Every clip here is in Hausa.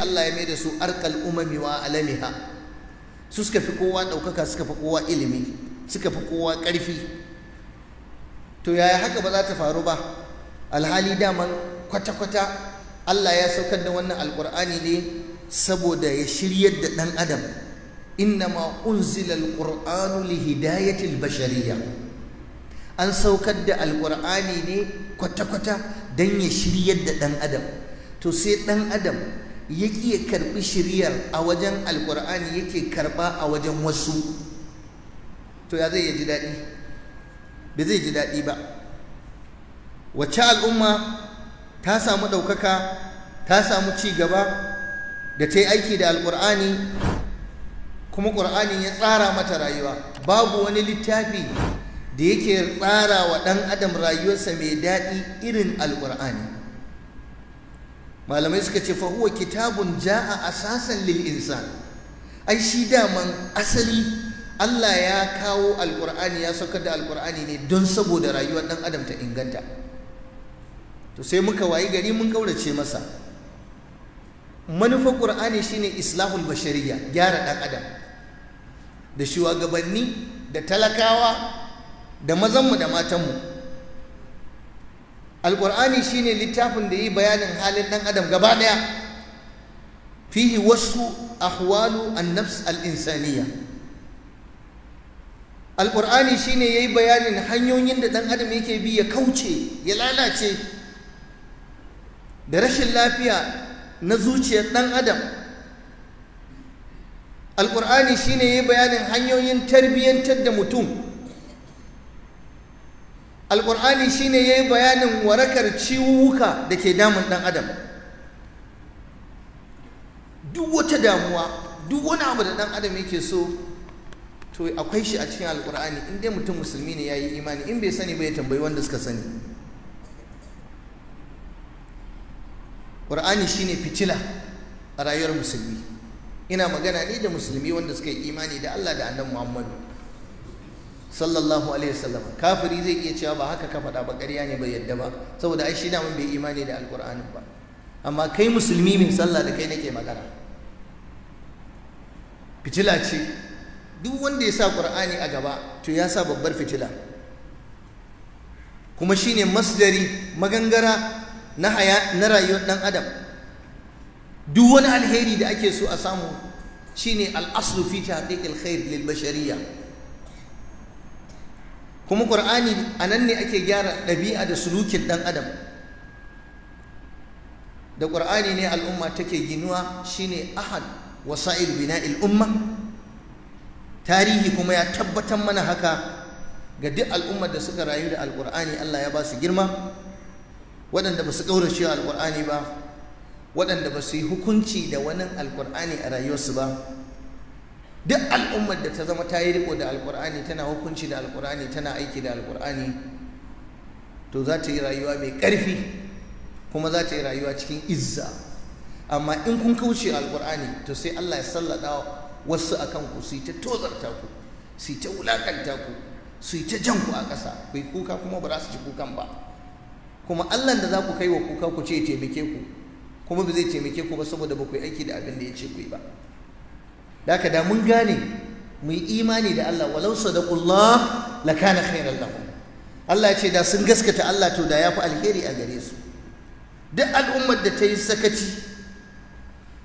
Allah ya mai da su arkal umami wa alamiha su suka fi kowa ɗaukaka suka fi kowa ilimi suka fi kowa ƙarfi to yaya haka ba za ta faru ba alhali daman kwata-kwata Allah ya saukar da wannan alƙur'ani ne saboda ya shiryar da ɗan adam innama unzila alƙur'anu li hidayatil bashariya an saukar da alƙur'ani ne kwata-kwata dan ya shiryar da ɗan adam to sai dan adam Yaki ya karɓi shiryar a wajen alkur'ani yake karɓa a wajen wasu to ya zai ji daɗi ba zai ji daɗi ba wacce al'umma ta samu ɗaukaka ta samu ci gaba da ta yi aiki da alkur'ani kuma ƙur'ani ya tsara mata rayuwa babu wani littafi da yake tsara wa ɗan adam rayuwarsa mai daɗi irin alkur'ani malamai suka ce fa kitabun ja'a asasan lil insan ai shi daman asali Allah ya kawo alkur'ani ya saukar da alkur'ani ne don saboda rayuwar dan adam ta inganta to sai muka wayi gari mun kaurace masa manufar qur'ani shine islahul bashariya gyara dan adam da shugabanni da talakawa da mazanmu da matanmu alqur'ani shine littafin da yi bayanin halin dan adam gaba daya fihi wasu ahwalu an-nafs al-insaniyya alqur'ani shine yayi bayanin hanyoyin da dan adam yake bi ya kauce ya lalace da rashin lafiya na zuciyar dan adam alqur'ani shine yayi bayanin hanyoyin tarbiyyantar da mutum alƙur'ani shine ya yi bayanin warakar ciwuka da ke damun ɗan adam duk wata damuwa duk wani abu da ɗan adam yake so to akwai shi a cikin alƙur'ani in dai mutum musulmi ne ya yi imani in bai sani ba ya tambayi wanda suka sani ƙur'ani shine fitila a rayuwar musulmi ina magana ne da musulmi wanda suka yi imani da allah da annabi muhammadu sallallahu alaihi wasallam kafiri zai iya cewa ba haka ka faɗa ba ƙarya ne bai yadda ba saboda ai shi da mun bai imani da alƙur'anin ba amma kai musulmi min sallah da kai nake magana fitila ce duk wanda ya sa ƙur'ani a gaba to ya sa babbar fitila kuma shine masdari magangara na haya na rayuwar ɗan adam duk wani alheri da ake so a samu shine al-aslu fi tahqiq al-khair lil bashariyah kuma ƙur'ani a nan ne ake gyara ɗabi'a da sulukin ɗan adam da ƙur'ani ne al'umma take ginuwa shine ahad wasa'il bina'il umma tarihi kuma ya tabbatar mana haka ga duk al'ummar da suka rayu da alƙur'ani Allah ya ba su girma waɗanda ba su ƙaurace alƙur'ani ba waɗanda ba su yi hukunci da wani alƙur'ani a rayuwarsu ba duk al'ummar da ta zama ta yi riko da alkur'ani tana hukunci da alkur'ani tana aiki da alkur'ani to za ta yi rayuwa mai ƙarfi kuma za ta yi rayuwa cikin izza amma in kun kauce alkur'ani to sai Allah ya sallada wasu a kanku su yi ta tozarta ku su yi ta wulakanta ku su yi ta jan ku a ƙasa ku yi kuka kuma ba za su ci kukan ba kuma Allah da za ku kai wa kuka ku ce ya taimake ku kuma ba zai taimake ku ba saboda ba ku yi aiki da abin da ya ce ku yi ba da haka da mun gane mu yi imani da Allah walau sadaqullah lakana khairan lahum Allah ya ce da sun gaskata Allah to da ya fi alheri a gare su duk al'ummar da ta yi sakaci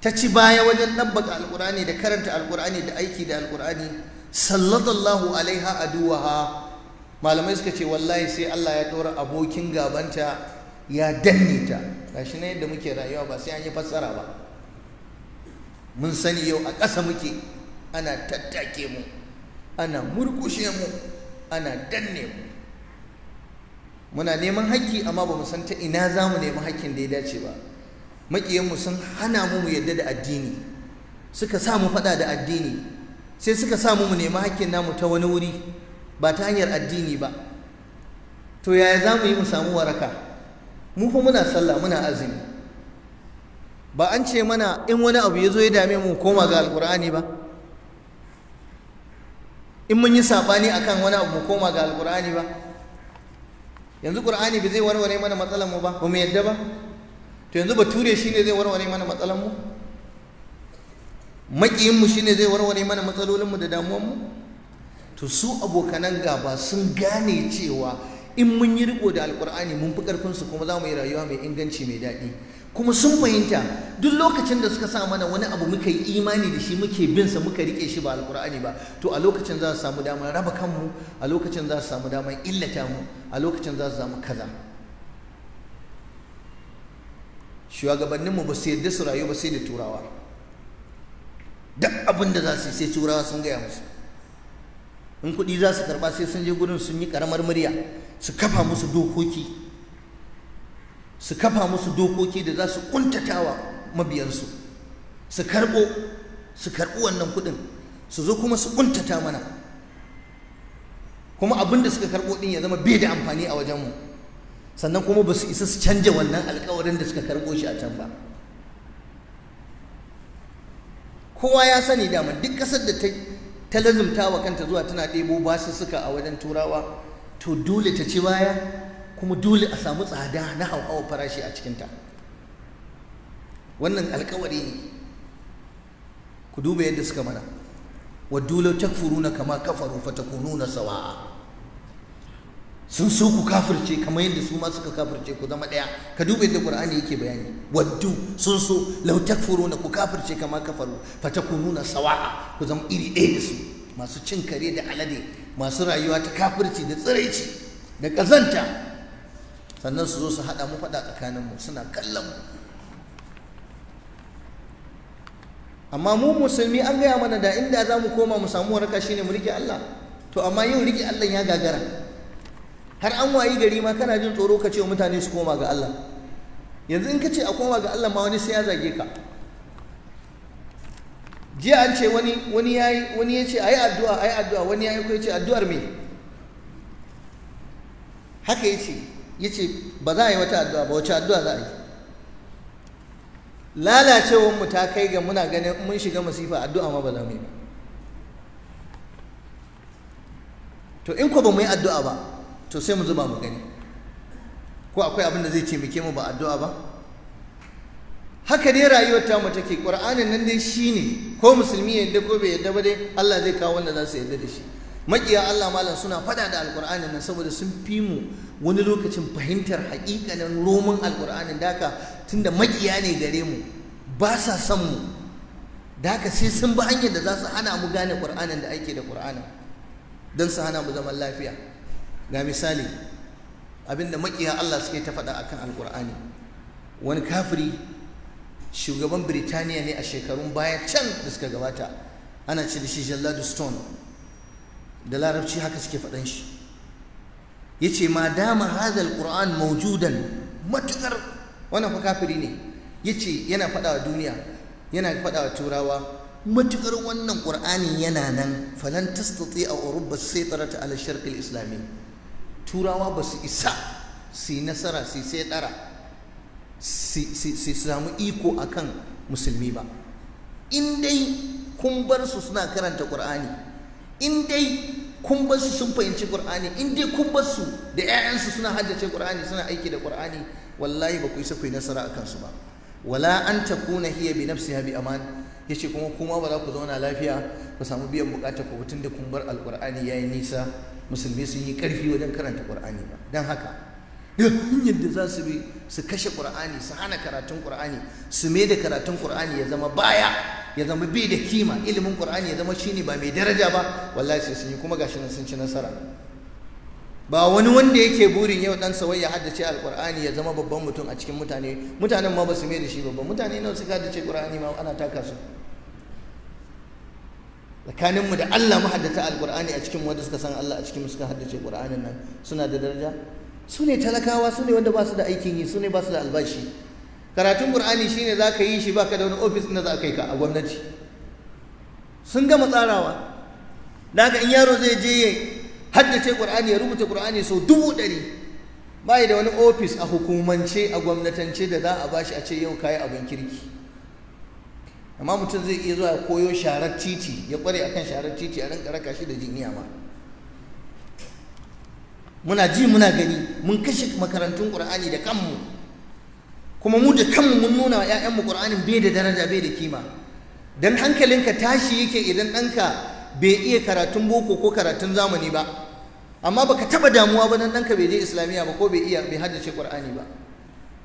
ta ci baya wajen ɗabbaka Alqur'ani da karanta Alqur'ani da aiki da Alqur'ani. sallallahu alaiha aduwaha malamai suka ce wallahi sai Allah ya ɗora abokin gabanta ya danne ta gashi na yadda muke rayuwa ba sai an yi fassara ba mun sani yau a ƙasa muke ana tattake mu ana murkushe mu ana danne mu muna neman haƙƙi amma ba mu san ta ina za mu nemi haƙƙin da ya dace ba maƙiyanmu sun hana mu mu yadda da addini suka sa mu faɗa da addini sai suka sa mu mu nemi haƙƙin namu ta wani wuri ba ta hanyar addini ba to yaya za mu yi mu samu waraka mu fa muna sallah muna azumi ba an ce mana in wani abu ya zo ya dame mu koma ga alkur'ani ba in mun yi saɓani akan wani abu mu koma ga alkur'ani ba yanzu ƙur'ani ba zai warware mana matsalar mu ba ba mu yadda ba to yanzu bature shi ne zai warware mana matsalar mu maƙiyinmu shi ne zai warware mana matsalolinmu da damuwanmu to su abokanan gaba sun gane cewa in mun yi riko da alkur'ani mun fi karfin su kuma za mu yi rayuwa mai inganci mai daɗi kuma sun fahimta duk lokacin da suka sa mana wani abu muka yi imani da shi muke bin sa muka rike shi ba alkur'ani ba to a lokacin za su samu damar raba kanmu a lokacin za su samu damar illata mu a lokacin za su samu kaza mu ba su yarda su rayu ba sai da turawa duk abin da za su yi sai turawa sun gaya musu in kuɗi za su karɓa sai sun je gurin sun yi karamar murya su kafa musu dokoki su kafa musu dokoki da za su kuntatawa mabiyansu su karɓo su karɓi wannan kuɗin su zo kuma su kuntata mana kuma abin da suka karbo ɗin ya zama bai da amfani a wajenmu sannan kuma ba su isa su canja wannan alkawarin da suka karɓo shi a can ba kowa ya sani dama duk ƙasar da ta lazumta wa kanta zuwa tana ɗebo suka a wajen turawa to dole ta ci baya kuma dole a samu tsada na hauhawar farashi a cikinta wannan alkawari ne ku duba yadda suka mana furu na kama kafaru fata nuna sawa'a sun so ku kafirce kamar yadda su ma suka kafirce ku zama daya ka duba yadda qur'ani yake bayani waddu sun so takfuru na ku kafirce kama kafaru Fata nuna sawa'a ku zama iri ɗaya da su masu cin kare da alade masu rayuwa ta kafirci da tsiraici da kazanta sannan su zo su haɗa mu faɗa tsakaninmu suna kallon mu amma mu musulmi an gaya mana da inda za mu koma mu samu waraka shine mu rike Allah to amma yau rike Allah ya gagara har an wayi gari ma kana jin tsoro ka ce mutane su koma ga Allah yanzu in ka ce a koma ga Allah ma wani sai ya zage ka jiya an ce wani wani ce wani yi addu'a addu'a yi addu'a wani yayi ko ce addu'ar me haka ya ce ba za a yi wata addu'a ba wace addu'a za a yi lalacewar mu ta kai ga muna ganin mun shiga masifa addu'a ma ba za mu yi ba to in ko ba mu yi addu'a ba to sai mu zuba mu gani ko akwai abin da zai ce mu ba addu'a ba haka dai rayuwar ta mu take qur'anin nan dai shine ko musulmi ya yadda ko bai yadda ba dai Allah zai kawo wanda za su yadda da shi makiya Allah malam suna fada da alqur'anin nan saboda sun fi mu wani lokacin fahimtar haƙiƙanin roman alqur'anin daka tunda makiya ne gare mu ba sa son mu daka sai sun bi hanyar da za su hana mu gane qur'anin da ake da qur'anin don su hana mu zaman lafiya ga misali abinda makiya Allah suke ta faɗa akan alqur'ani wani kafiri shugaban Birtaniya ne a shekarun baya can da suka gabata ana ce da shi Jalladu Stone da larabci haka suke faɗan shi yace ma dama hadal Qur'an maujudan matukar wannan fa kafiri ne yace yana faɗa wa duniya yana faɗa wa turawa matukar wannan ƙur'ani yana nan falan tastati a Urubba tsarata ala sharqi al-islami turawa ba su isa su yi nasara su yi sai tsara su samu iko akan musulmi ba in dai kun su suna karanta ƙur'ani in dai kun su sun fahimci ƙur'ani in dai kun su da 'ya'yansu suna haddace ƙur'ani suna aiki da ƙur'ani wallahi ba ku isa ku yi nasara a kansu ba wala an takuna hiya bi nafsiha bi aman Ya ce kuma kuma ba za ku zauna lafiya ku samu biyan bukatar ku tun da kun bar ya yi nisa musulmi sun yi karfi wajen karanta ƙur'ani ba Don haka duk hanyar da za su bi su kashe qur'ani su hana karatun qur'ani su mai da karatun qur'ani ya zama baya ya zama bai da kima ilimin qur'ani ya zama shine ba mai daraja ba wallahi sai sun yi kuma gashi nan sun ci nasara ba wani wanda yake burin yau dan sawayya ya haddace alqur'ani ya zama babban mutum a cikin mutane mutanen ma ba su mai da shi babban mutane nawa suka haddace qur'ani ma ana taka su tsakaninmu da Allah mu haddace alqur'ani a cikin wanda suka san Allah a cikin suka haddace qur'anin nan suna da daraja su ne talakawa su ne wanda ba su da aikin yi su ne ba su da albashi karatun qur'ani shine za ka yi shi baka da wani ofis na za ka yi ka a gwamnati sun gama tsarawa ga in yaro zai je ya haddace qur'ani ya rubuta qur'ani sau dubu ɗari ba da wani ofis a hukumance a gwamnatance da za a bashi a ce yau kayi abin kirki amma mutum zai iya zuwa koyo sharar titi ya kware akan sharar titi a rinka raka shi da jiniya ma muna ji muna gani mun kashe makarantun qur'ani da kanmu kuma mu da kanmu mun nuna wa 'ya'yanmu qur'anin bai da daraja bai da kima dan hankalinka tashi yake idan ɗanka bai iya karatun boko ko karatun zamani ba amma baka taba damuwa ba dan ɗanka bai je islamiyya ba ko bai iya bai haddace qur'ani ba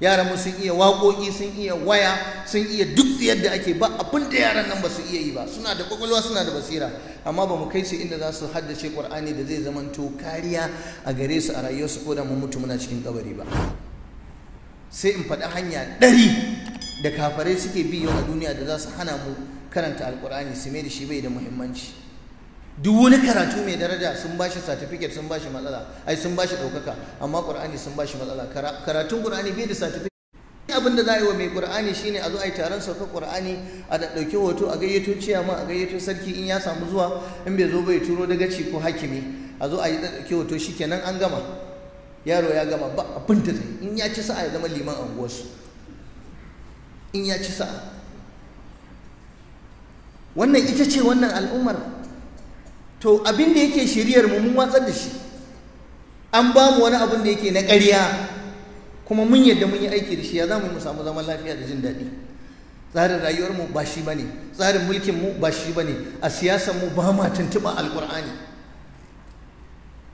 yaran mu sun iya waƙoƙi sun iya waya sun iya duk yadda ake ba abin da yaran nan ba su iya yi ba suna da kwakwalwa suna da basira amma ba mu kai su inda za su haddace ƙur'ani da zai zamanto kariya a gare su a rayuwarsu ko da mu mutu muna cikin kabari ba sai in faɗi hanya ɗari da kafarai suke bi yau a duniya da za su hana mu karanta alƙur'ani su mai da shi bai da muhimmanci duk wani karatu mai daraja sun ba shi certificate sun ba shi matsala ai sun shi ɗaukaka amma ƙur'ani sun ba shi matsala karatun ƙur'ani bai da certificate abin da za a yi wa mai ƙur'ani shine a zo a yi taron sauka ƙur'ani a da ɗauki hoto a gayyato ma a gayyato sarki in ya samu zuwa in bai zo bai turo daga ci ko hakimi a zo a yi ɗauki hoto shikenan an gama yaro ya gama ba abin da zai in ya ci sa'a ya zama liman anguwarsu in ya ci sa'a wannan ita ce wannan al'ummar to abin da yake shiriyar mu mun watsar da shi an ba mu wani abin da yake na ƙarya kuma mun yadda mun yi aiki da shi ya za mu samu zaman lafiya da jin daɗi tsarin rayuwar mu ba shi bane tsarin mulkin mu ba shi bane a siyasar mu ba ma tuntuɓa alƙur'ani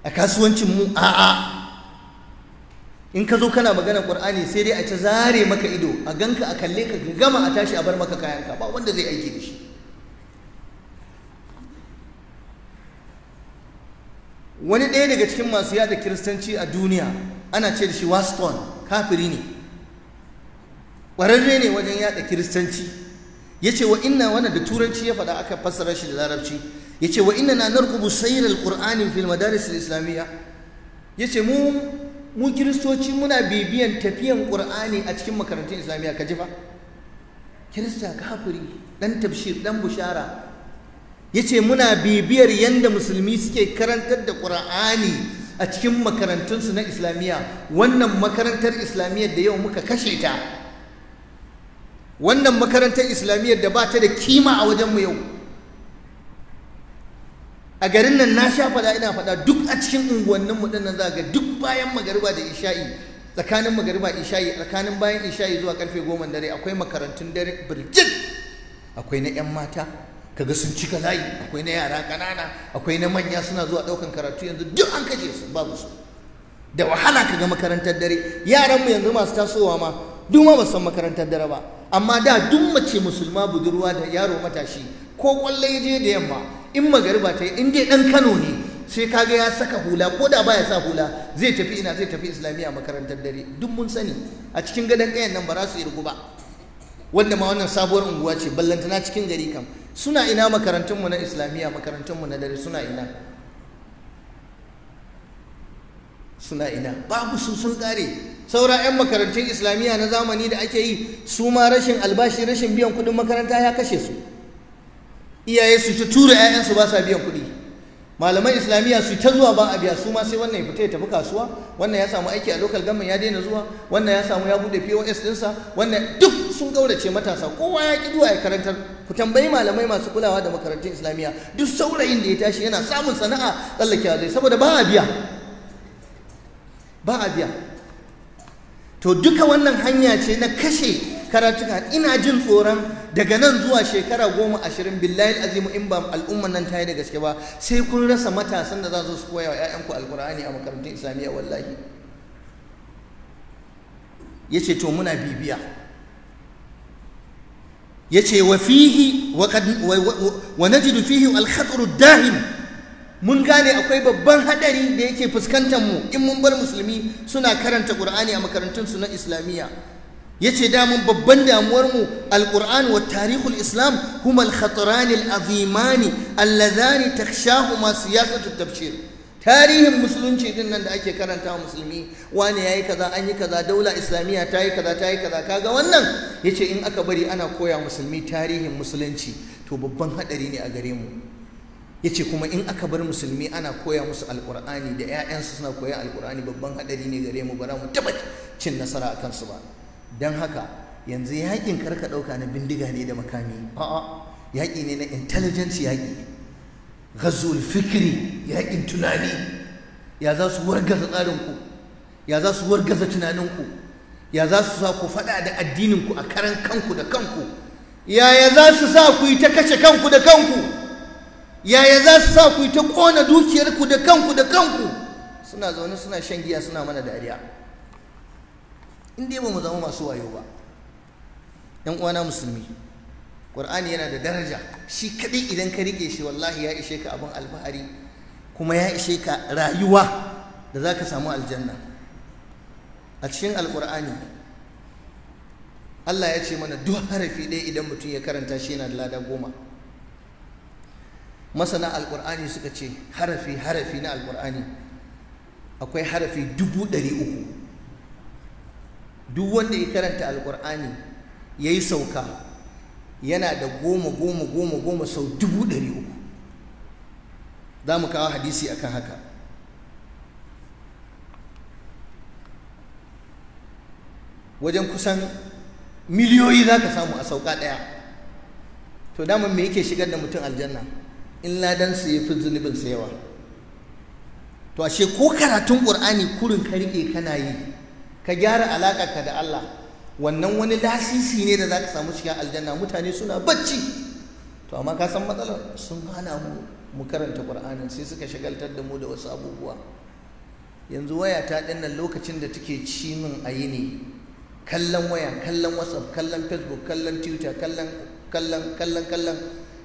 a kasuwancin mu a'a in ka zo kana magana ƙur'ani sai dai a ci zare maka ido a ganka a kalle ka gama a tashi a bar maka kayanka ba wanda zai aiki da shi wani ɗaya daga cikin masu yada kiristanci a duniya ana ce da shi waston kafiri ne ƙwararre ne wajen yada kiristanci ya ce wa inna wani da turanci ya faɗa aka fassara shi da larabci ya ce wa inna na narkubu sayirar ƙur'anin fil madaris islamiyya ya ce mu kiristoci muna bibiyan tafiyan ƙur'ani a cikin makarantun islamiyya ka ji fa kirista kafiri ɗan tafshir ɗan bushara ya ce muna bibiyar yadda musulmi suke karantar da ƙura'ani a cikin makarantunsu na islamiyya wannan makarantar islamiyya da yau muka kashe ta wannan makarantar islamiyya da ba ta da kima a wajenmu yau a garin nan na sha faɗa ina faɗa duk a cikin unguwanninmu ɗin nan za ga duk bayan magariba da isha'i tsakanin magariba isha'i tsakanin bayan isha'i zuwa karfe goma dare akwai makarantun dare birjit akwai na 'yan mata kaga sun cika layi akwai na yara kanana akwai na manya suna zuwa ɗaukan karatu yanzu duk an kaje su babu su da wahala kaga makarantar dare yaran mu yanzu masu tasowa ma duk ma basu san makarantar dare ba amma da duk mace musulma budurwa da yaro matashi ko kwalle ya je da yamma in magariba ta yi in dai ɗan kano ne sai kaga ya saka hula ko da baya sa hula zai tafi ina zai tafi islamiyya makarantar dare duk mun sani a cikin gadan ɗayan nan ba za su irgu ba wanda ma wannan sabuwar unguwa ce ballantana cikin gari kam suna ina makarantunmu na islamiyya makarantunmu na dare suna ina suna ina babu su sun kare saura 'yan makarantun islamiyya na zamani da ake yi su ma rashin albashi rashin biyan kudin makaranta ya kashe su iyaye su ta tura 'ya'yansu ba sa biyan kudi malaman islamiyya su ta zuwa ba a biya su ma sai wannan ya fita ya tafi kasuwa wannan ya samu aiki a local government ya daina zuwa wannan ya samu ya bude POS dinsa wannan duk sun gaurace matasa kowa ya ki zuwa ya karantar ku tambayi malamai masu kulawa da makarantun islamiyya duk saurayin da ya tashi yana samun sana'a tsallakewa zai saboda ba a biya ba a biya to duka wannan hanya ce na kashe karatuka ina jin tsoron daga nan zuwa shekara goma ashirin billahi azimu in ba al'umman nan ta yi da gaske ba sai kun rasa matasan da za su koya wa 'ya'yanku alkur'ani a makarantun islamiyya wallahi ya ce to muna bibiya ya ce wa fihi wa najidu fihi alhatsuru dahim mun gane akwai babban hadari da yake fuskantar mu in mun bar musulmi suna karanta qur'ani a makarantunsu na islamiyya yace damun babban damuwar mu alquran wa tarihul islam huma al-khatran allazani azimani alladhani takhshahuma tarihin musulunci din nan da ake karanta musulmi wane yayi kaza an yi kaza daula islamiyya ta yi kaza ta yi kaza kaga wannan yace in aka bari ana koya musulmi tarihin musulunci to babban hadari ne a gare mu yace kuma in aka bar musulmi ana koya musu alƙur'ani da 'ya'yansu suna koyan alkurani babban hadari ne gare mu bara mu cin nasara akan su ba don haka yanzu yakin karka ɗauka na bindiga ne da makami a'a yaƙi ne na intelligence yaƙi ghazul fikri yaƙin tunani ya za su wargaza tsarinku ya za su wargaza tunaninku ya za su sa ku faɗa da addininku a karan kanku da kanku yaya za su sa ku yi ta kashe kanku da kanku yaya za su sa ku yi ta ƙona dukiyarku da kanku da kanku suna zaune suna shan giya suna mana dariya in ba mu zama masu wayo ba yan uwana musulmi qur'ani yana da daraja shi kadai idan ka rike shi wallahi ya ishe ka abin alfahari kuma ya ishe ka rayuwa da za ka samu aljanna a cikin alqur'ani Allah ya ce mana duk harafi ɗaya idan mutum ya karanta shi yana da lada goma masana alqur'ani suka ce harafi harafi na alqur'ani akwai harafi dubu ɗari uku duk wanda ya karanta alkur'ani ya yi sauka yana da goma goma goma goma sau dubu ɗari uku za mu kawo hadisi akan haka wajen kusan miliyoyi za ka samu a sauka ɗaya to daman me yake shigar da mutum aljanna in su ya fi sa yawa to ashe ko karatun ƙur'ani kurin ka riƙe kana yi ka gyara alaƙa ka da Allah wannan wani lasisi ne da za ka samu cikin aljanna mutane suna bacci to amma ka san matsalar sun hana mu mu karanta Qur'anin sai suka shagaltar da mu da wasu abubuwa yanzu waya ta dinnan lokacin da take ci min a yi ne kallon waya kallon whatsapp kallon facebook kallon twitter kallon kallon kallon kallon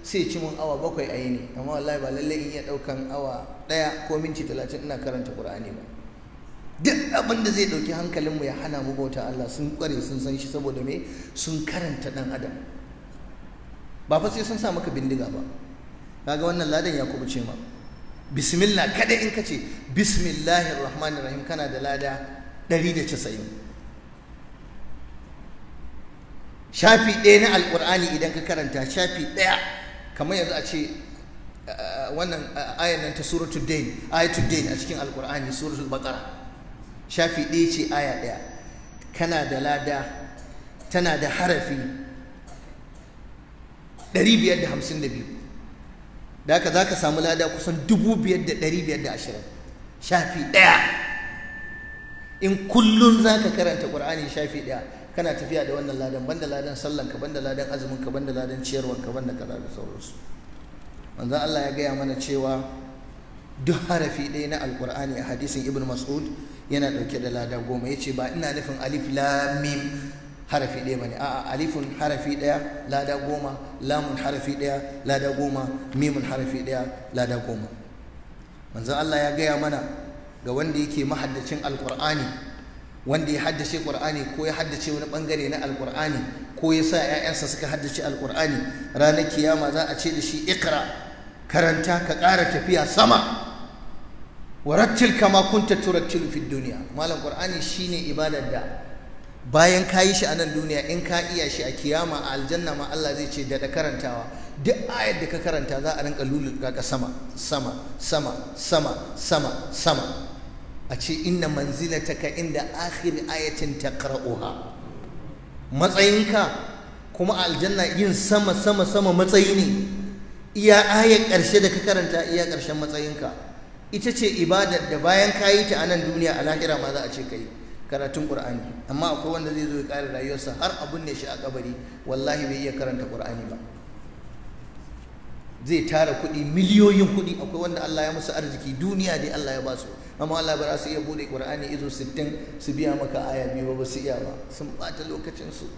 sai ci min awa bakwai a yi ne amma wallahi ba lallai in iya ɗaukan awa ɗaya ko minti talatin ina karanta Qur'ani ba duk abin da zai dauki hankalinmu ya hana mu bauta Allah sun kware sun san shi saboda me sun karanta dan adam ba fa sai sun sa maka bindiga ba kaga wannan ladan ya ce ma bismillah kada in ka ce bismillahir rahmanir rahim kana da lada 190 shafi ɗaya na alkurani idan ka karanta shafi ɗaya kamar yanzu a ce wannan ayan nan ta suratul dain ayatul dain a cikin alkur'ani suratul baqara shafi ɗaya ce aya ɗaya kana da lada tana da harafi 552 da haka za ka samu lada kusan 5,520 shafi ɗaya in kullum za ka karanta ƙwar'ani shafi ɗaya kana tafiya da wannan ladan banda ladan sallan ka banda ladan azumin ka banda ladan ciyarwar ka banda kaza da sauransu manzon Allah ya gaya mana cewa duk harafi ɗaya na alƙur'ani a hadisin ibn mas'ud yana ɗauke da lada goma ya ce ba ina nufin alif lamim harafi ɗaya ba ne a'a alifin harafi ɗaya lada goma lamun harafi ɗaya lada goma mimun harafi ɗaya lada goma manzo Allah ya gaya mana ga wanda yake mahaddacin alƙur'ani wanda ya haddace ƙur'ani ko ya haddace wani bangare na alƙur'ani ko ya sa 'ya'yansa suka haddace alƙur'ani ranar kiyama za a ce da shi ikra karanta ka kara tafiya sama warattil kama kunta turattilu fid duniya malam qur'ani shine ibadar da bayan ka yi shi a nan duniya in ka iya shi a kiyama a aljanna ma Allah zai ce da karantawa duk ayar da ka karanta za a rinka lulluka ka sama sama sama sama sama sama a ce inna manzilataka inda akhir ayatin taqra'uha matsayinka kuma a aljanna yin sama sama sama matsayi ne iya ayar ƙarshe da ka karanta iya ƙarshen matsayinka ita ce ibadar da bayan ka yi ta a nan duniya a lahira ma za a ce ka karatun qur'ani amma akwai wanda zai zo ya kare rayuwarsa har abun ne shi a kabari wallahi bai iya karanta qur'ani ba zai tara kuɗi miliyoyin kuɗi akwai wanda Allah ya musu arziki duniya dai Allah ya basu su amma Allah ba su iya bude Qur'ani izo 60 su biya maka aya biyu ba su iya ba sun bata lokacin su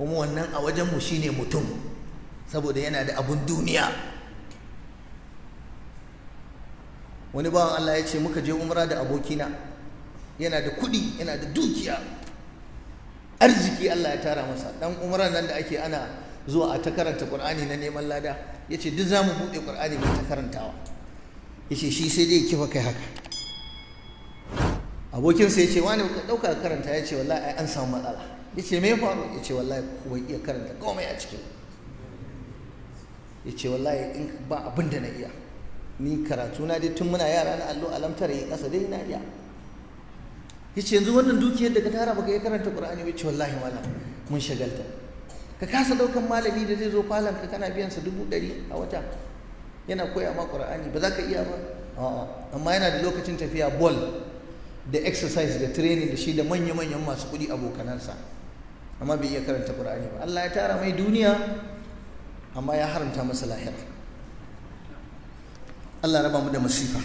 kuma wannan a wajen mu shine mutum saboda yana da abun duniya wani bawan Allah ya ce muka je umra da abokina yana da kuɗi yana da dukiya arziki Allah ya tara masa dan umra nan da ake ana zuwa a ta karanta Qur'ani na neman lada ya yace duk mu buɗe Qur'ani mai ta karantawa Ya ce shi sai dai kifa kai haka abokinsa ya ce wani ka ɗauka karanta ya ce wallahi an samu matsala ya ce me faru ya ce wallahi bai iya karanta komai a cikin ya ce wallahi in ba abin da na iya ni karatu na dai tun muna yara na allo alamtar yi kasa dai na iya yace yanzu wannan dukiyar da ka tara baka yi karanta qur'ani ba wallahi wala mun shagalta ka kasa daukan malami da zai zo falon ka kana biyan sa dubu ɗari a wata yana koya ma qur'ani ba za ka iya ba amma yana da lokacin tafiya ball da exercise da training da shi da manya-manyan masu kuɗi abokanansa amma bai iya karanta qur'ani ba Allah ya tara mai duniya amma ya haramta masa lahira Allah raba mu da masifa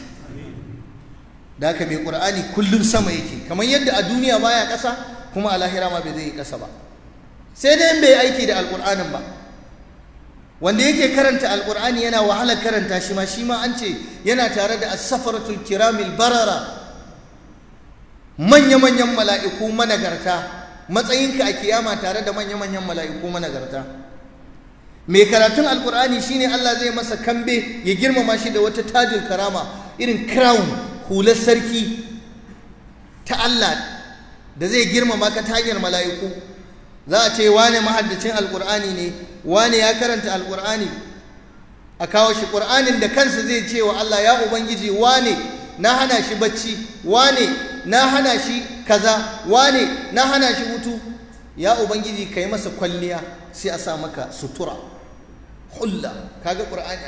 da haka mai ƙur'ani kullum sama yake kamar yadda a duniya baya ƙasa kuma a lahira ma bai zai yi ƙasa ba sai dai in bai aiki da alƙur'anin ba wanda yake karanta alƙur'ani yana wahalar karanta shi ma shi ma an ce yana tare da as-safaratul kiramil barara manya-manyan mala'iku managarta matsayinka a kiyama tare da manya-manyan mala'iku managarta mai karatun alkur'ani shine Allah zai masa kambe ya girmama shi da wata tajin karama irin crown hular sarki ta Allah da zai girmama ka tajin mala'iku za a ce wane mahaddacin alkur'ani ne wane ya karanta alkur'ani a kawo shi ƙur'anin da kansa zai ce wa Allah ya ubangiji wane na hana shi bacci wane na hana shi kaza wane na hana shi hutu ya ubangiji ka yi masa kwalliya sai a sa maka sutura hulla kaga qur'ani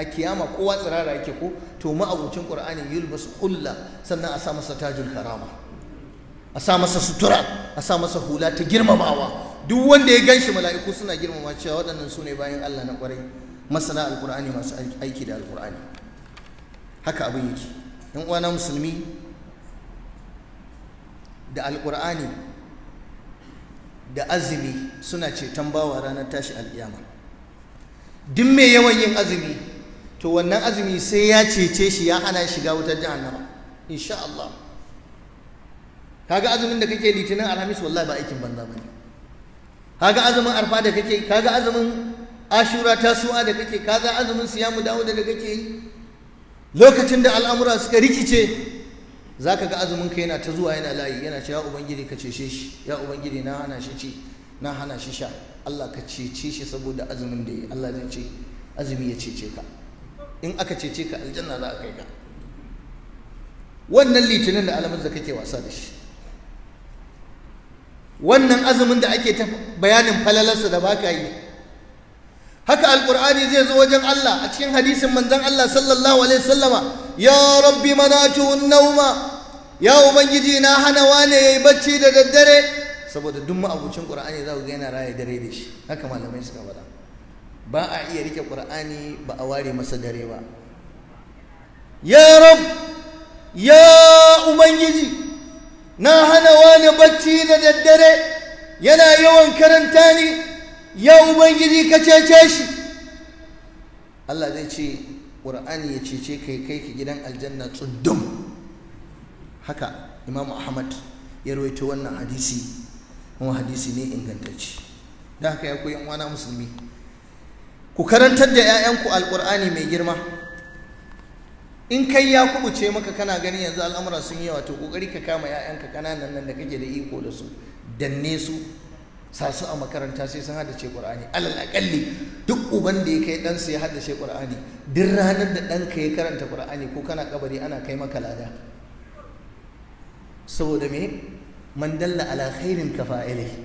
a kiyama kowa tsirara yake ko to ma'abucin qur'ani yulbas hulla sannan a sa masa tajul karama a sa masa sutura a sa masa hula ta girmamawa duk wanda ya ganshi mala'iku suna girmama cewa waɗannan su bayan Allah na ƙwarai masana alqur'ani masu aiki da alqur'ani haka abin yake ɗan uwana musulmi da alqur'ani da azumi suna ce tambawa ranar tashi alƙiyama duk mai yawan yin azumi to wannan azumi sai ya cece shi ya hana shiga wutar jahannama insha Allah kaga azumin da kake litinin alhamis wallahi ba aikin banza bane kaga azumin arfa da kake kaga azumin ashura su'a da kake kaga azumin siyamu dawo da kake yi lokacin da al'amura suka rikice zaka ga azumin ka yana ta zuwa yana layi yana ce ubangiji ka cece shi ya ubangiji na hana shi ci na hana shi sha Allah ka cece shi saboda azumin da ya Allah zai ce azumi ya cece ka in aka cece ka aljanna za a kai ka wannan litinin da alamar da kake wasa da shi wannan azumin da ake ta bayanin falalarsa da baka yi haka alkur'ani zai zo wajen Allah a cikin hadisin manzon Allah sallallahu alaihi wasallama ya rabbi manatu nauma ya ubangiji na hana wane yayi bacci da daddare saboda duk ma'abucin qur'ani za ku ga yana raya dare da shi haka malamai suka faɗa ba a iya rike kur'ani ba a ware masa dare ba ya rab ya ubangiji na hana wani bacci da daddare yana yawan karanta ni ya ubangiji ka cece shi Allah zai ce ƙur'ani ya cece kai kai ki gidan aljanna tsundum haka Imam ahmad ya rawaito wannan hadisi kuma hadisi ne ingantacce da haka ya koyi wana musulmi ku karantar da 'ya'yanku alƙur'ani mai girma in kai ya kubuce maka kana gani yanzu al'amura sun yi wato kokari ka kama 'ya'yanka kananan nan da kake da iko da su danne su sa a makaranta sai sun haddace Qur'ani alal akalli duk uban da ya kai ɗansa ya haddace Qur'ani duk ranar da ɗanka ya karanta Qur'ani ko kana kabari ana kai maka lada saboda me man dalla ala khairin ka fa'ilihi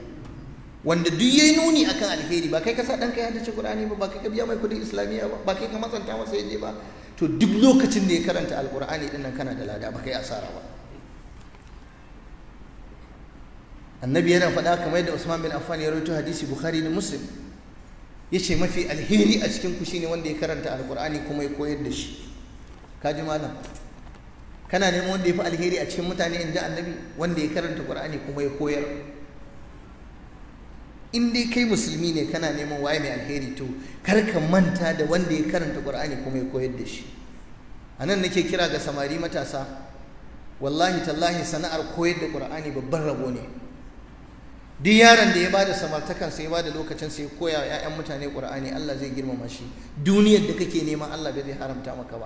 wanda duk yayi nuni akan alheri ba kai ka sa danka ya dace Qur'ani ba ba kai ka biya mai kudin islamiyya ba ba kai ka matsanta masa yaje ba to duk lokacin da ya karanta alqur'ani din nan kana da lada ba kai asara ba annabi yana faɗa kamar yadda Usman bin Affan ya rawaito hadisi Bukhari da Muslim yace mafi alheri a cikin ku ne wanda ya karanta alqur'ani kuma ya koyar da shi kaji malam kana neman wanda ya fi alheri a cikin mutane in ji annabi wanda ya karanta qur'ani kuma ya koyar in dai kai musulmi ne kana neman waye mai alheri to kar ka manta da wanda ya karanta qur'ani kuma ya koyar da shi a nan nake kira ga samari matasa wallahi tallahi sana'ar koyar da qur'ani babban rabo ne duk yaron da ya bada samartakan sai ya da lokacin sai ya koya wa 'ya'yan mutane qur'ani Allah zai girmama shi duniyar da kake nema Allah bai zai haramta maka ba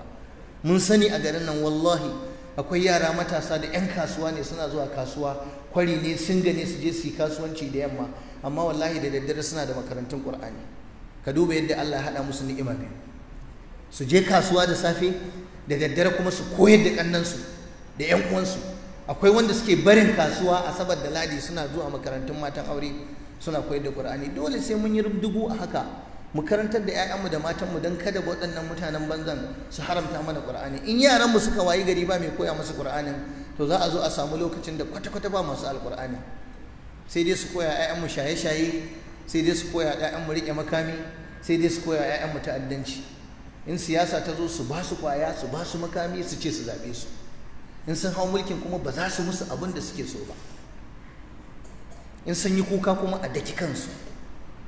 mun sani a garin nan wallahi akwai yara matasa da 'yan kasuwa ne suna zuwa kasuwa kwari ne sun gane su je su yi kasuwanci da yamma amma wallahi da daddare suna da makarantun ƙur'ani. ka duba yadda Allah haɗa musu ni'ima ne su je kasuwa da safe da daddare kuma su koyar da kannansu da 'yan uwansu akwai wanda suke barin kasuwa a asabar da ladi suna zuwa makarantun matan aure suna koyar da ƙur'ani. dole sai mun yi rubdugu a haka mu karantar da 'ya'yanmu da matanmu don kada waɗannan mutanen banzan su haramta mana ƙur'ani in yaranmu suka wayi gari ba mai koya musu ƙur'ani to za a zo a samu lokacin da kwata-kwata ba masu alƙur'ani sai dai su koya 'ya'yanmu shaye-shaye sai dai su koya 'ya'yanmu riƙe makami sai dai su koya 'ya'yanmu ta'addanci in siyasa ta zo su ba su kwaya su ba su makami su ce su zaɓe su in sun hau mulkin kuma ba za su musu abin da suke so ba in sun yi kuka kuma a daki kansu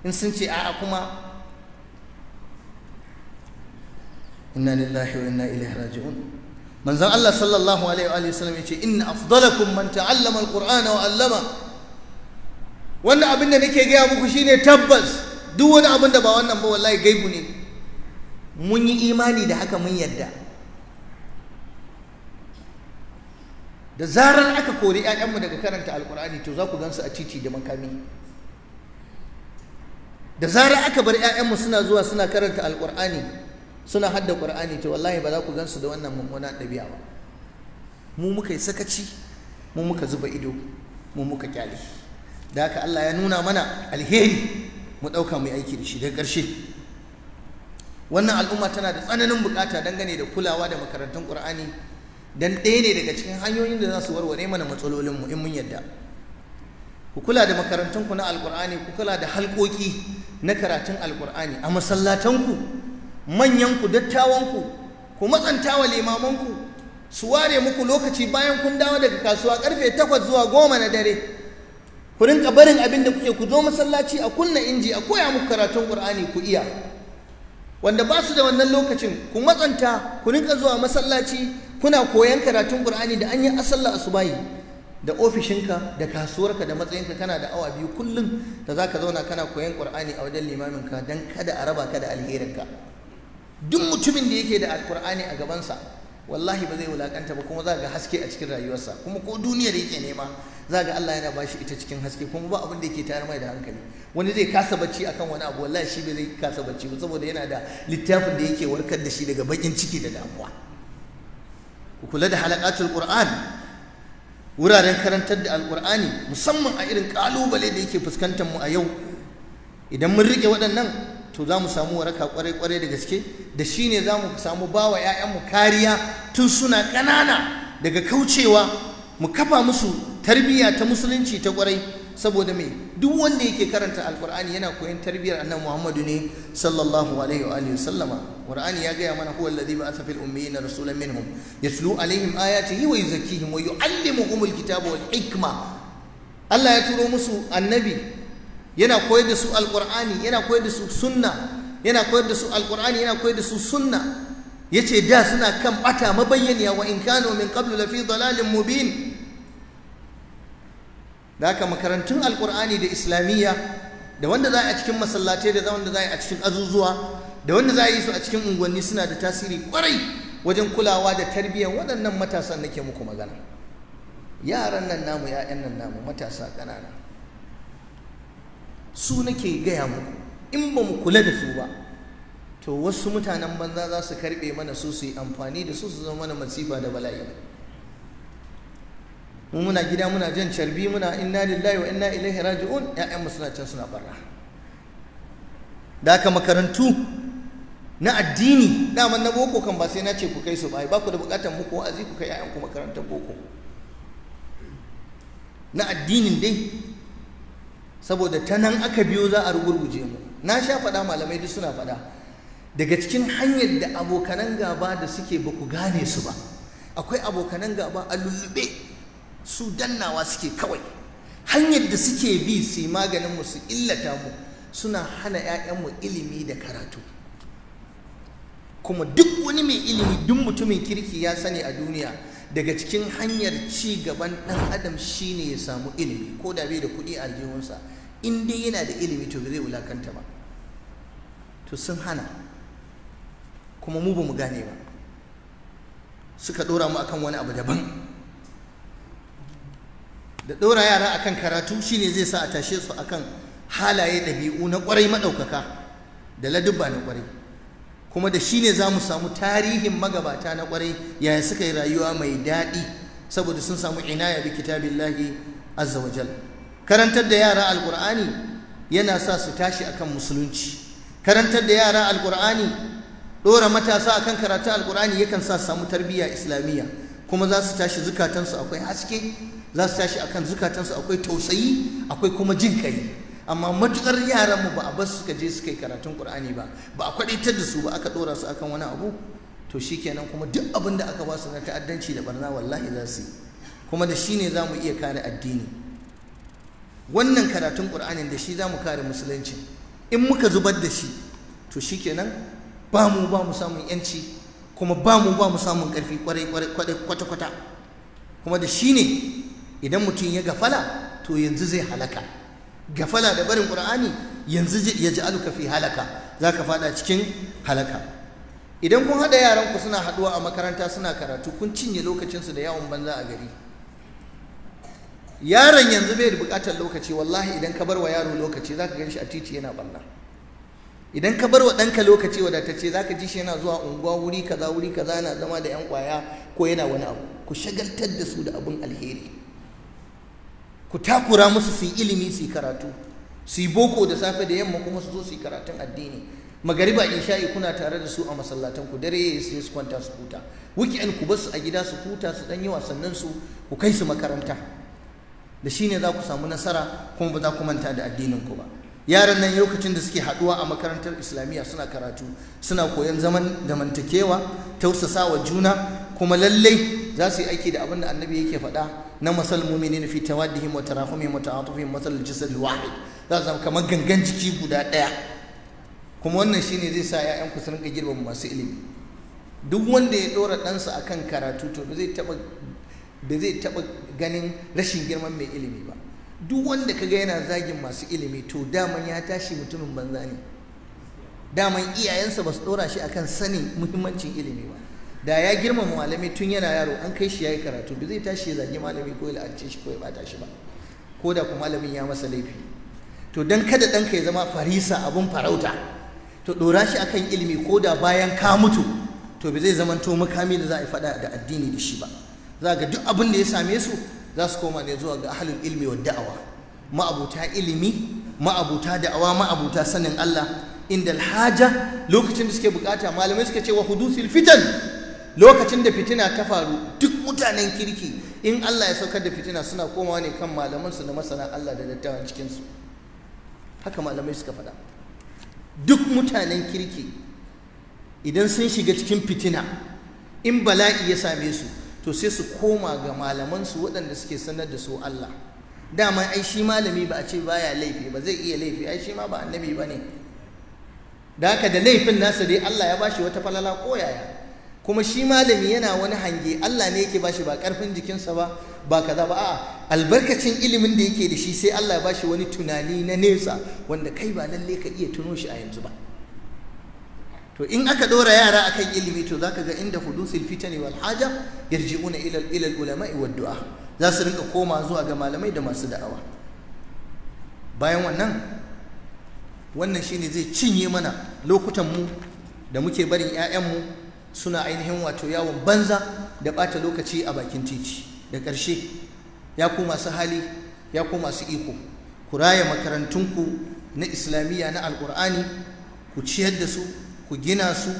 in sun ce a'a kuma inna lillahi wa inna ilaihi raji'un manzon Allah sallallahu alaihi wa sallam yace inna afdalakum man ta'allama alqur'ana wa 'allama wannan abin da nake gaya muku shine tabbas duk wani abin da ba wannan ba wallahi gaibu ne mun yi imani da haka mun yarda da zarar aka kori 'ya'yanmu daga karanta alkur'ani to za ku gansu a titi da makami da zarar aka bar 'ya'yanmu suna zuwa suna karanta alkur'ani suna hadda qur'ani to wallahi ba za ku gansu da wannan mummunan ɗabi'a ba mu muka yi sakaci mu muka zuba ido mu muka kyale da haka Allah ya nuna mana alheri mu ɗauka mu aiki da shi daga ƙarshe wannan al'umma tana da tsananin bukata dangane da kulawa da makarantun kur'ani dan ɗaya ne daga cikin hanyoyin da za su warware mana matsalolinmu in mun yadda ku kula da makarantunku na alƙur'ani ku kula da halƙoƙi na karatun alƙur'ani a masallatanku manyanku dattawanku ku matsanta wa limamanku su ware muku lokaci bayan kun dawo daga kasuwa karfe takwas zuwa goma na dare ku rinka barin abin da kuke ku zo masallaci a kunna inji a koya muku karatun qur'ani ku iya wanda ba su da wannan lokacin ku matsanta ku rinka zuwa masallaci kuna koyan karatun qur'ani da an yi asalla asubahi da ofishinka da kasuwarka da matsayinka kana da awa biyu kullum da zaka zauna kana koyan qur'ani a wajen limaminka dan kada a raba ka da alherinka duk mutumin da yake da alkur'ani a gabansa wallahi ba zai wulakanta ba kuma za ga haske a cikin rayuwarsa kuma ko duniyar yake nema za ga Allah yana bashi ita cikin haske kuma ba abin da yake tayar mai da hankali wani zai kasa bacci akan wani abu wallahi shi ba zai kasa bacci ba saboda yana da littafin da yake warkar da shi daga bakin ciki da damuwa ku kula da halakatul qur'an wuraren karantar da alqur'ani musamman a irin kalubale da yake fuskantar mu a yau idan mun rike waɗannan to za mu samu waraka kwarai kwarai da gaske da shi ne za mu samu ba wa 'ya'yanmu kariya tun suna ƙanana daga kaucewa mu kafa musu tarbiyya ta musulunci ta ƙwarai saboda mai duk wanda yake karanta alƙur'ani yana koyon tarbiyyar annan muhammadu ne sallallahu alaihi wa alihi sallama ya gaya mana huwa alladhi ba'atha fil ummiyina rasulan minhum yatlu alaihim ayatihi wa yuzakkihim wa yu'allimuhum alkitaba wal hikma Allah ya turo musu annabi yana koyar da su alƙur'ani yana koyar da su sunna yana koyar da su alqur'ani yana koyar da su sunna yace da suna kan bata mabayyaniya wa in kanu min qablu lafi dalalin mubin da haka makarantun alqur'ani da islamiyya da wanda za a cikin masallatai da wanda za a cikin azuzuwa da wanda za a yi su a cikin unguwanni suna da tasiri kwarai wajen kulawa da tarbiyyar waɗannan matasan nake muku magana yaran nan namu ya'yan nan namu matasa ƙanana su nake gaya muku in ba mu kula da su ba to wasu mutanen banza za su karɓe mana su su yi amfani da su su zama mana masifa da bala'i mu muna gida muna jan carbi muna inna lillahi wa inna ilaihi raji'un ƴaƴanmu suna can suna barra. da aka makarantu na addini dama na boko kan ba sai na ce ku kai su ba ba ku da bukatar muku wa'azi ku kai ku makarantar boko na addinin dai saboda ta nan aka biyo za a rugurguje mu na sha faɗa malamai duk suna faɗa daga cikin hanyar da abokanan gaba da suke ba ku gane su ba akwai abokanan gaba a lullube su dannawa suke kawai hanyar da suke bi su yi maganin mu su illata mu suna hana 'ya'yanmu ilimi da karatu kuma duk wani mai ilimi duk mutumin kirki ya sani a duniya daga cikin hanyar ci gaban ɗan adam shine ya samu ilimi ko da bai da kuɗi a aljihunsa in dai yana da ilimi to zai wulakanta ba to sun hana kuma mu ba mu gane ba suka ɗora mu akan wani abu daban da ɗora yara akan karatu shine zai sa a tashe su akan halaye ɗabi'u na ƙwarai maɗaukaka da ladubba na ƙwarai kuma da shine za mu samu tarihin magabata na ƙwarai yaya suka yi rayuwa mai daɗi saboda sun samu inaya bi kitabillahi azza wajal karantar da yara alkur'ani yana sa su tashi akan musulunci karantar da yara alkur'ani ɗora matasa akan karatu alkur'ani yakan sa samu tarbiyya islamiyya kuma za su tashi zukatansu akwai haske za su tashi akan zukatansu akwai tausayi akwai kuma jin kai amma matukar yaran mu ba a bar ka je su kai karatun ƙur'ani ba ba a kwadaitar da su ba aka dora su akan wani abu to shikenan kuma duk abin da aka ba su na ta'addanci da barna wallahi za su yi kuma da shine za mu iya kare addini wannan karatun ƙur'anin da shi za mu kare musulunci in muka zubar da shi to shi kenan ba mu ba mu samun yanci kuma ba mu ba mu samun ƙarfi kwata-kwata kuma da shi ne idan mutum ya gafala to yanzu zai halaka gafala da barin ƙur'ani yanzu ya ji aluka fi halaka za ka fada cikin halaka idan kun haɗa yaranku suna haɗuwa a makaranta suna karatu kun cinye lokacinsu da yawon banza a gari yaron yanzu bai da bukatar lokaci wallahi idan ka bar wa yaro lokaci zaka gan shi a titi yana balla idan ka bar wa ɗanka lokaci wadatacce za ka ji shi yana zuwa unguwa wuri kaza wuri kaza yana zama da yan kwaya ko yana wani abu ku shagaltar da su da abin alheri ku takura musu su yi ilimi su yi karatu su yi boko da safe da yamma kuma su zo su yi karatun addini magariba isha'i kuna tare da su a masallatan ku dare ya sai su kwanta su huta wiki'an ku bar a gida su huta su ɗan yi wasannin su ku kai su makaranta da shine za ku samu nasara kuma ba za ku manta da addinin ku ba yaran nan lokacin da suke haduwa a makarantar islamiyya suna karatu suna koyon zaman da mantakewa zamantakewa tausasawa juna kuma lallai za su yi aiki da abin da annabi yake faɗa na masal muminin fi tawaddihim wa tarahumihim wa ta'atufihim masal jasad wahid za su zama kamar gangan jiki guda ɗaya kuma wannan shine zai sa ƴaƴan ku su rinka girmama masu ilimi duk wanda ya ɗora ɗansa akan karatu to zai taɓa ba zai taɓa ganin rashin girman mai ilimi ba duk wanda kaga yana zagin masu ilimi to daman ya tashi mutumin banza ne daman iyayensa ba su ɗora shi akan sanin muhimmancin ilimi ba da ya girmama malami tun yana yaro an kai shi ya yi karatu ba zai tashi ya zagi malami ko ya shi ko ya bata shi ba ko da kuma malamin ya masa laifi to dan kada ɗanka ya zama farisa abun farauta to ɗora shi akan ilimi ko da bayan ka mutu to ba zai zamanto makami da za a yi faɗa da addini da shi ba za ga duk abin da ya same su za su koma ne zuwa ga ahalin ilmi wa da'awa ma'abuta ilimi ma'abuta da'awa ma'abuta sanin Allah inda alhaja lokacin da suke bukata malamai suka ce wa hudusil fitan lokacin da fitina ta faru duk mutanen kirki in Allah ya saukar da fitina suna komawa ne kan malamansu na masana Allah da dattawan cikinsu haka malamai suka faɗa duk mutanen kirki idan sun shiga cikin fitina in bala'i ya same su to sai su koma ga malamansu waɗanda suke sanar da su Allah dama ai shi malami ba a ce baya laifi ba zai iya laifi ai shi ma ba annabi ba ne da haka da laifin nasa dai Allah ya bashi wata falala ko yaya. kuma shi malami yana wani hange Allah ne yake bashi ba karfin jikinsa ba ba kaza ba a'a albarkacin ilimin da yake da shi sai Allah ya bashi wani tunani na nesa wanda kai ba lalle ka iya tuno shi a yanzu ba to in aka dora yara akan ilimi to zaka ga inda hudusul fitani wal haja yarji'una ila ila ulama wad du'a za su rinka koma zuwa ga malamai da masu da'awa bayan wannan wannan shine zai cinye mana lokutan mu da muke barin mu suna ainihin wato yawon banza da ɓata lokaci a bakin titi da ƙarshe ya ku masu hali ya ku masu iko ku raya makarantunku na islamiyya na alƙur'ani ku ciyar da su ku gina su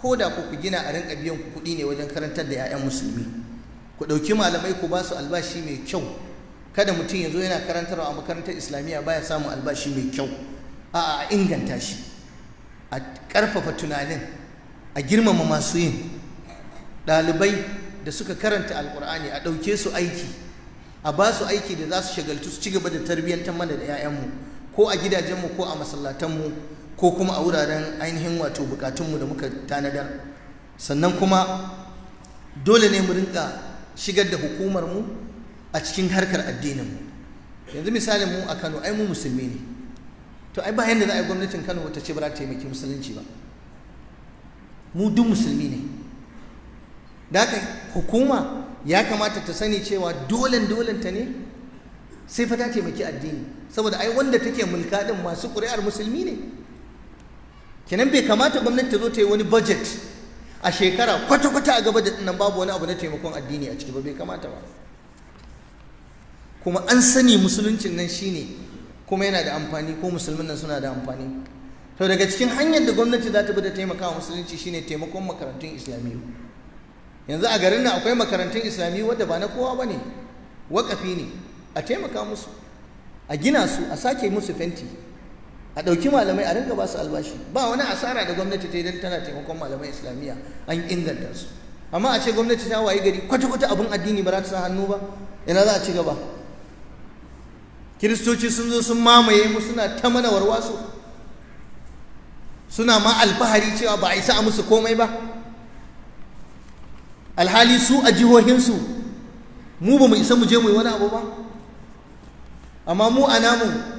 ko da ku ku gina a rinka biyan ku kuɗi ne wajen karantar da 'ya'yan musulmi ku ɗauki malamai ku ba su albashi mai kyau kada mutum ya zo yana karantarwa a makarantar islamiyya baya samun albashi mai kyau a a inganta shi a ƙarfafa tunanin a girmama masu yin ɗalibai da suka karanta alƙur'ani a ɗauke su aiki a ba su aiki da za su shagaltu su ci gaba da tarbiyyantar mana da 'ya'yanmu ko a gidajenmu ko a masallatanmu ko kuma a wuraren ainihin wato bukatunmu da muka tanadar sannan kuma dole ne mu rinka shigar da hukumarmu a cikin harkar addininmu yanzu misali mu a kano ai mu musulmi ne to ai bayan da za a yi gwamnatin kano wata ce ba za ta taimaki musulunci ba mu duk musulmi ne da haka hukuma ya kamata ta sani cewa dolen dolenta ne sai fa ta taimaki addini saboda ai wanda take mulka din masu ƙuri'ar musulmi ne kenan bai kamata gwamnati ta zo ta yi wani budget a shekara kwata-kwata a gaba da nan babu wani abu na taimakon addini a ciki ba bai kamata ba kuma an sani musuluncin nan shine kuma yana da amfani ko musulmin nan suna da amfani to daga cikin hanyar da gwamnati za ta bi da taimakawa musulunci shine taimakon makarantun islamiyyu yanzu a garin nan akwai makarantun islamiyyu wadda ba na kowa ba ne wakafi ne a taimaka musu a gina su a sake musu fenti a ɗauki malamai a ringa ba su albashi ba wani asara da gwamnati ta yi don tana taimakon malamai islamiyya an inganta su amma a ce gwamnati ta wayi gari kwata-kwata abin addini ba za ta sa hannu ba ina za a ci gaba kiristoci sun zo sun mamaye mu suna ta mana warwaso suna ma alfahari cewa ba a isa a musu komai ba alhali su a jihohinsu mu ba mu isa mu je mu yi wani abu ba amma mu a namu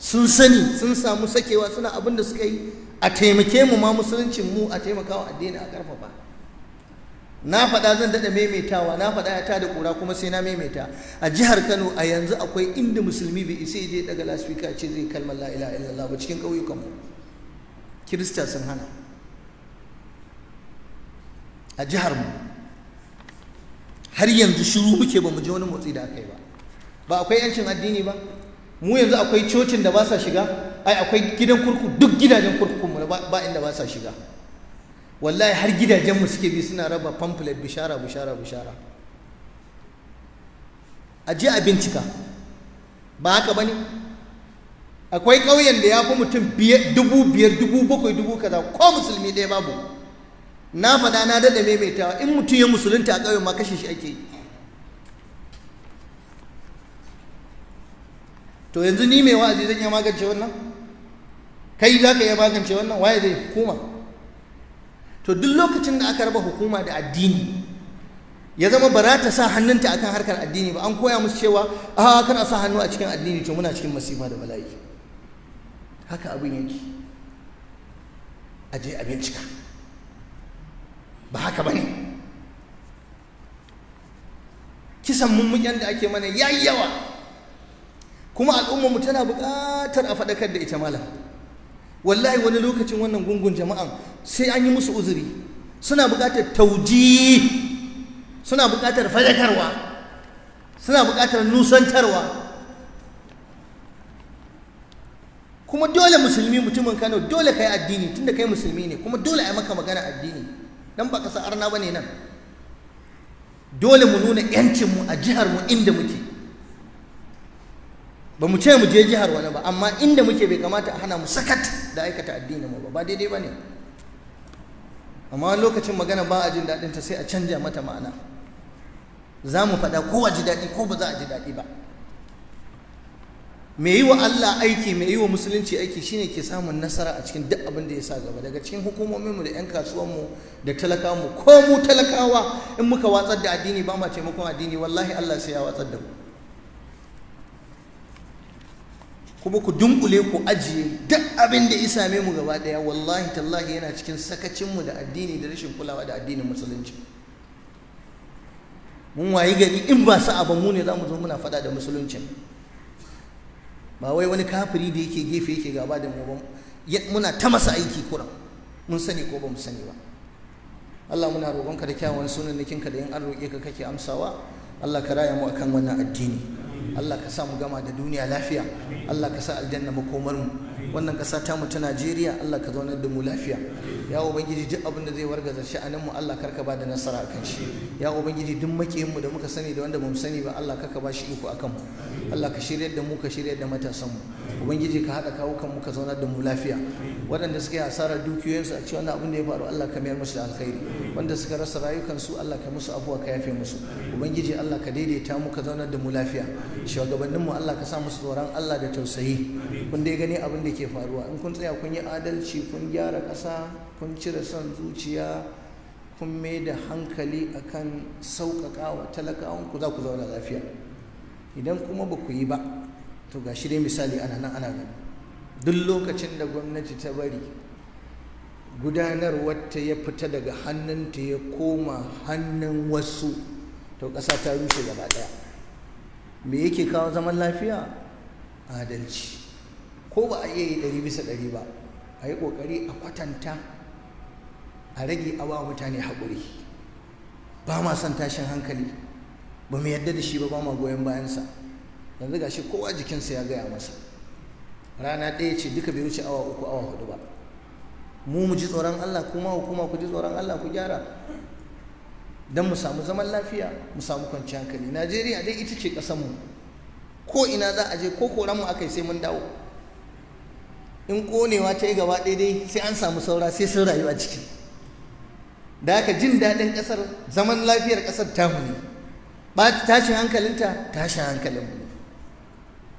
sun sani sun samu sakewa suna abin da suka yi a taimake mu ma musuluncin mu a taimakawa addini a karfafa na faɗa zan daɗa maimaitawa na faɗa ya tada ƙura kuma sai na maimaita a jihar kano a yanzu akwai inda musulmi bai isa je daga lasfika ce zai kalmar la ilaha illallah ba cikin mu. kirista sun hana a jihar mu har yanzu shiru muke ba mu je wani motsi da aka yi ba ba akwai yancin addini ba mu yanzu akwai cocin da ba sa shiga ai akwai gidan kurku duk gidajen kurkukunmu ba inda ba sa shiga wallahi har gidajenmu suke bi suna raba pamphlet bishara bishara bishara a je a bincika ba haka ba ne akwai ƙauyen da ya fi mutum dubu biyar dubu bakwai dubu kaza ko musulmi ɗaya babu na faɗa na daɗa maimaitawa in mutum ya musulunta a ƙauyen ma kashe shi ake yi to yanzu ni mai wa'azi zan iya magance wannan kai za ka iya magance wannan waye zai hukuma to duk lokacin da aka raba hukuma da addini ya zama ba za ta sa hannunta akan harkar addini ba an koya musu cewa ah, a kana sa hannu a cikin addini to muna cikin masifa da bala'i haka abin yake a je a bincika ba haka ba ne kisan mummuken da ake mana yayyawa yawa kuma al'ummarmu tana buƙatar a faɗakar da ita malam wallahi wani lokacin wannan gungun jama'an sai an yi musu uzuri suna buƙatar tauji suna buƙatar faɗakarwa suna buƙatar nusantarwa kuma dole musulmi mutumin kano dole ka yi addini tunda kai musulmi ne kuma dole a maka magana addini dan ba ka sa arna ba ne nan dole mu nuna 'yancinmu a jiharmu inda muke ba mu ce mu je jihar wani ba amma inda muke bai kamata a hana mu sakat da aikata addinin mu ba ba daidai ba ne amma lokacin magana ba a jin daɗin ta sai a canja mata ma'ana za mu faɗa ko a ji daɗi ko ba za a ji daɗi ba mai yi wa Allah aiki mai yi wa musulunci aiki shine ke samun nasara a cikin duk abin da ya sa gaba daga cikin hukumominmu da 'yan kasuwanmu da talakawanmu ko mu talakawa in muka watsar da addini ba ma taimakon addini wallahi Allah sai ya watsar da mu kuma ku dunkule ku ajiye duk abin da ya same mu gaba daya wallahi tallahi yana cikin sakacinmu da addini da rashin kulawa da addinin musulunci mun wayi gari in ba sa'a ba mu ne za mu zo muna fada da musuluncin ba wai wani kafiri da yake gefe yake gaba da mu ba muna ta masa aiki kura mun sani ko ba mu sani ba Allah muna roƙonka da kyawun sunan nikinka da yin an roƙe ka kake amsawa Allah ka raya mu akan wannan addini Allah ka sa mu gama da duniya lafiya Allah ka sa aljanna makomarmu mu wannan ƙasa ta mu ta Najeriya Allah ka zaunar da mu lafiya ya ubangiji duk abin da zai wargaza sha'anin mu Allah karka ba da nasara akan shi ya ubangiji duk makiyin mu da muka sani da wanda bamu sani ba Allah karka ba shi iko akan mu Allah ka shiryar da mu ka shiryar da matasan mu ubangiji ka haɗa kawo kan mu ka zaunar da mu lafiya waɗanda suka yi asarar dukiyoyinsu a ce wannan abin da ya faru Allah ka mayar musu da alkhairi wanda suka rasa rayukansu Allah ka musu abuwa ka yafe musu ubangiji Allah ka daidaita mu ka zaunar da mu lafiya shugabanninmu Allah ka sa musu tsoron Allah da tausayi kun dai gani abin da da ke faruwa in kun tsaya kun yi adalci kun gyara ƙasa kun cire son zuciya kun mai da hankali akan sauƙaƙa wa talakawan ku za ku zauna lafiya idan kuma ba ku yi ba to ga shi dai misali ana nan ana gani duk lokacin da gwamnati ta bari gudanar wata ya fita daga hannunta ya koma hannun wasu to ƙasa ta rushe gaba ɗaya me yake kawo zaman lafiya adalci ko ba a iya yi ɗari bisa ɗari ba a yi ƙoƙari a kwatanta a rage awa mutane haƙuri ba ma son tashin hankali ba mu yadda da shi ba ba ma goyon bayansa yanzu ga shi kowa jikinsa ya gaya masa rana ɗaya ce duka bai wuce awa uku awa hudu ba mu mu ji tsoron Allah kuma hukuma ku ji tsoron Allah ku gyara don mu samu zaman lafiya mu samu kwanci hankali najeriya dai ita ce ƙasanmu ko ina za a je ko koranmu aka yi sai mun dawo in konewa ta yi gaba daidai sai an samu saura sai sun rayu a ciki da haka jin daɗin ƙasar zaman lafiyar ƙasar tamu ne tashin hankalinta tashin hankalin mu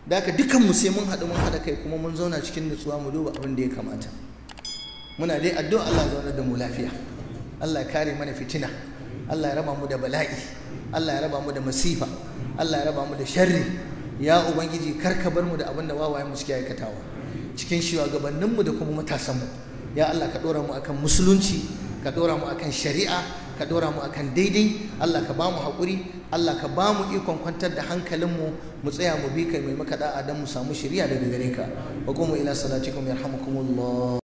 da haka dukan mu sai mun haɗu mun haɗa kai kuma mun zauna cikin nutsuwa mu duba abin da ya kamata muna dai addu'a Allah ya zauna da mu lafiya Allah ya kare mana fitina Allah ya raba mu da bala'i Allah ya raba mu da masifa Allah ya raba mu da sharri ya ubangiji kar ka bar mu da abin da wawayen mu suke aikatawa cikin shugabanninmu da kuma matasanmu ya Allah ka ɗora mu akan musulunci ka ɗora mu akan shari'a ka ɗora mu akan daidai Allah ka ba mu haƙuri Allah ka ba mu ikon kwantar da hankalinmu mu tsaya mu bi kai mai maka a don mu samu shari'a daga gare ka wa ila salatikum yarhamukumullah